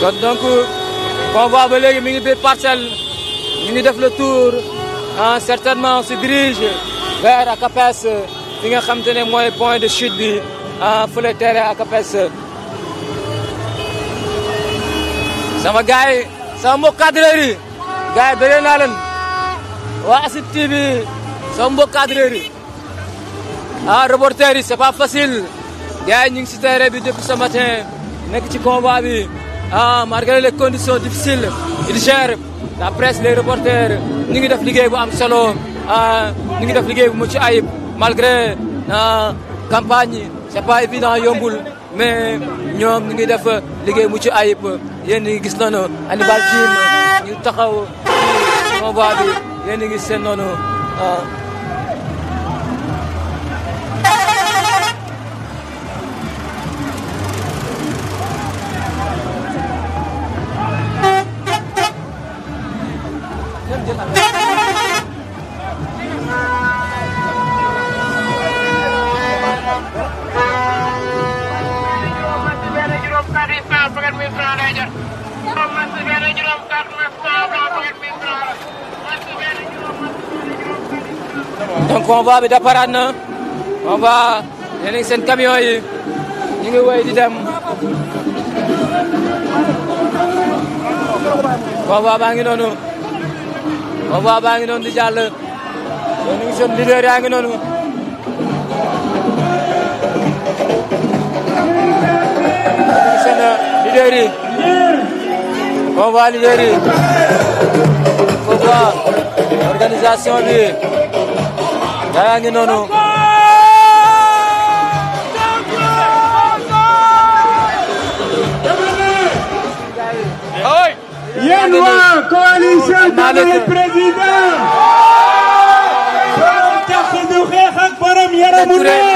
kon donc convoi ba léegi mi ngi biir parcelle ñu ngi def le tour ah certainement on se dirige vers Akapes nga xamte ne mooy point de chute bi ah fële terrain Akapes sama gars yi sama mbokk cadreur yi gars yi bëree naa waa ASID TV sama mbokk cadreur yi ah reporter pa c'est pas facile ñu ngi si terrain bi depuis ce matin nekk ci convoi bi Ah, malgré les conditions difficiles, ils gèrent la presse, les reporters. Nous avons fait des choses solo. Nous avons fait des choses malgré la ah, campagne. Ce n'est pas évident Mais nous avons fait des choses très bien. Nous avons fait des choses très bien. Nous avons fait des choses très bien. Nous avons fait des choses très bien. dari saat pakai misalnya aja masih ada jelas saat misalnya pakai misalnya masih ada jelas donc convoi bi départ na convoi yéen seen camion yi ñu ngi wéy di dem convoi baa ngi noonu convoi baa ngi noonu di jàll yéen ngi seen leader yaa ngi noonu Liberi, Vamos lá, liberi, Vamos lá! Organização ali! Gangue, Nono! Yenoa, coalition de le président! Carré de Ré, Rakbaram, Yaramoulé!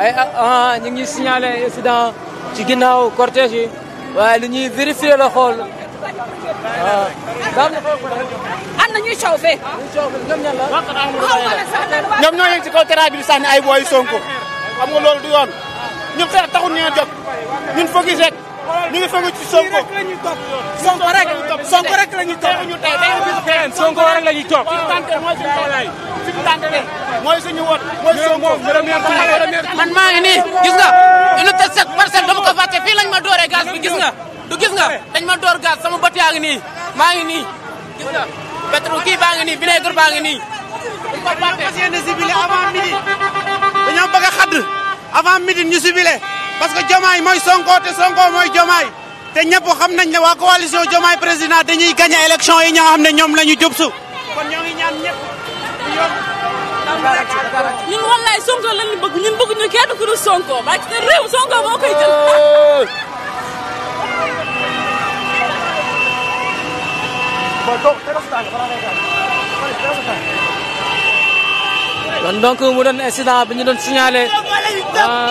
ay a ah, ah, ñu ngi signalé incident ci ginnaaw cortège yi waaye li ñuy vérifier la xool a ah, am na ñuy coow fee. ñoom ñan la. ñoom ñoo yëg ci kaw terrain bi di ay booy Sonko. xam nga lool du yoon. ñun xeex taxul ñu jóg ñun focus rek ñu ngi focus ci Sonko. Sonko rek Sonko rek la ñuy topp. Sonko rek la ñuy topp. mooy suñu wot mooy suñu wot man maa ngi nii gis nga unité 7 parcelle dama ko fàtte fii lañ ma dooree gaz bi gis nga du gis nga dañ ma door gaz sama bët yaa ngi nii maa ngi nii gis nga pétrole kii baa ngi nii vinaigre baa ngi nii dañ ko fàtte fas yéene sibile avant midi dañoo bëgg a xadd avant midi ñu sibile parce que jomaay mooy sonko te sonko mooy jomaay te ñëpp xam nañ ne waa coalition jomaay président dañuy gagné élection yi ña nga xam ne ñoom kon ñoo ngi ñaan ñëpp ñun wallaay Sonko lan ñu bëgg ñun bëgguñu kenn ku dul Sonko ba te réew Sonko moo koy jël. kon donc mu doon incident bi ñu doon signalé ah,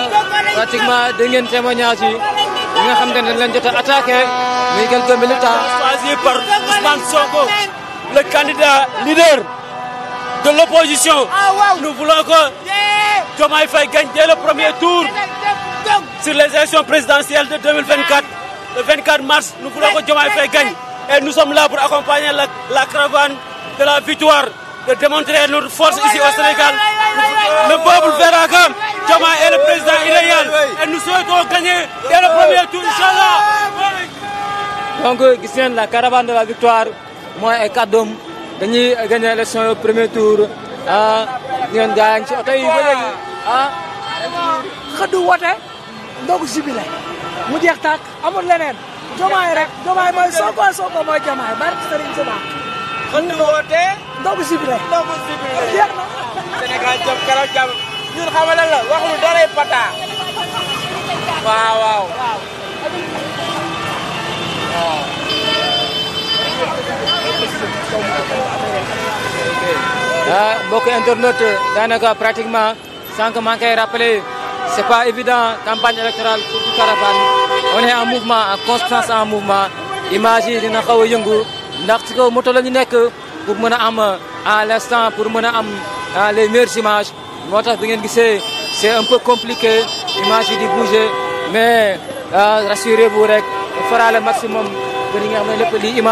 pratiquement dégg ngeen témoignage yi ñi nga xam ne dañ leen jot a attaqué muy quelques par Ousmane Sonko le candidat leader. de l'opposition. Ah, nous voulons que Thomas Faye gagne dès le premier tour sur les élections présidentielles de 2024. Le 24 mars, nous voulons que Thomas Faye gagne. Et nous sommes là pour accompagner la, caravane de la victoire, de démontrer notre force ici au Sénégal. Le peuple verra que Thomas est le président illégal. Et nous souhaitons gagner dès le premier tour, Inch'Allah. Donc, euh, la caravane de la victoire, moi et Kadoum. dañuy gagné élection yi premier tour ah ngeen gaañ ci oto yi ba léegi ah. xëddu wote ndogu jibile mu jeex tàkk amul leneen. jomaay rek jomaay mooy Sonko Sonko mooy jomaay barke Serigne Touba. xëddu wote ndogu jibile ndogu jibile jeex na. Sénégal jëm waaw. Ah, beaucoup d'internautes, pratiquement sans que manquer c'est pas évident campagne électorale caravane on est en mouvement en constance en mouvement image a pour à l'instant pour mon ah, les meilleures images c'est un peu compliqué image de bouger mais ah, rassurez-vous on fera le maximum pour li nga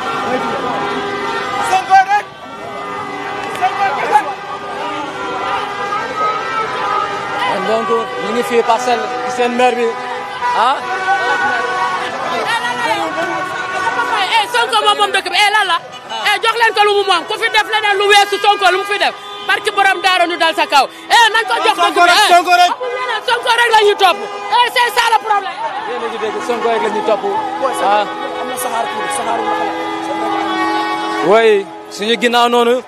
Ah, donc ñu ngi fii parcelle seen maire bi ah. eh Sonko moom moom dëkk bi eh lan la. eh jox leen ko lu mu moom ku fi def leneen lu weesu Sonko lu mu fi def barki borom daaro ñu dal sa kaw. eh nan ko jox dëkk bi eh Sonko rek Sonko rek la ñuy topp eh c'est ça le problème. yéen a ngi dégg Sonko rek la ñuy topp ah. am na saxaar tuuti saxaaru way suñu ginnaaw noonu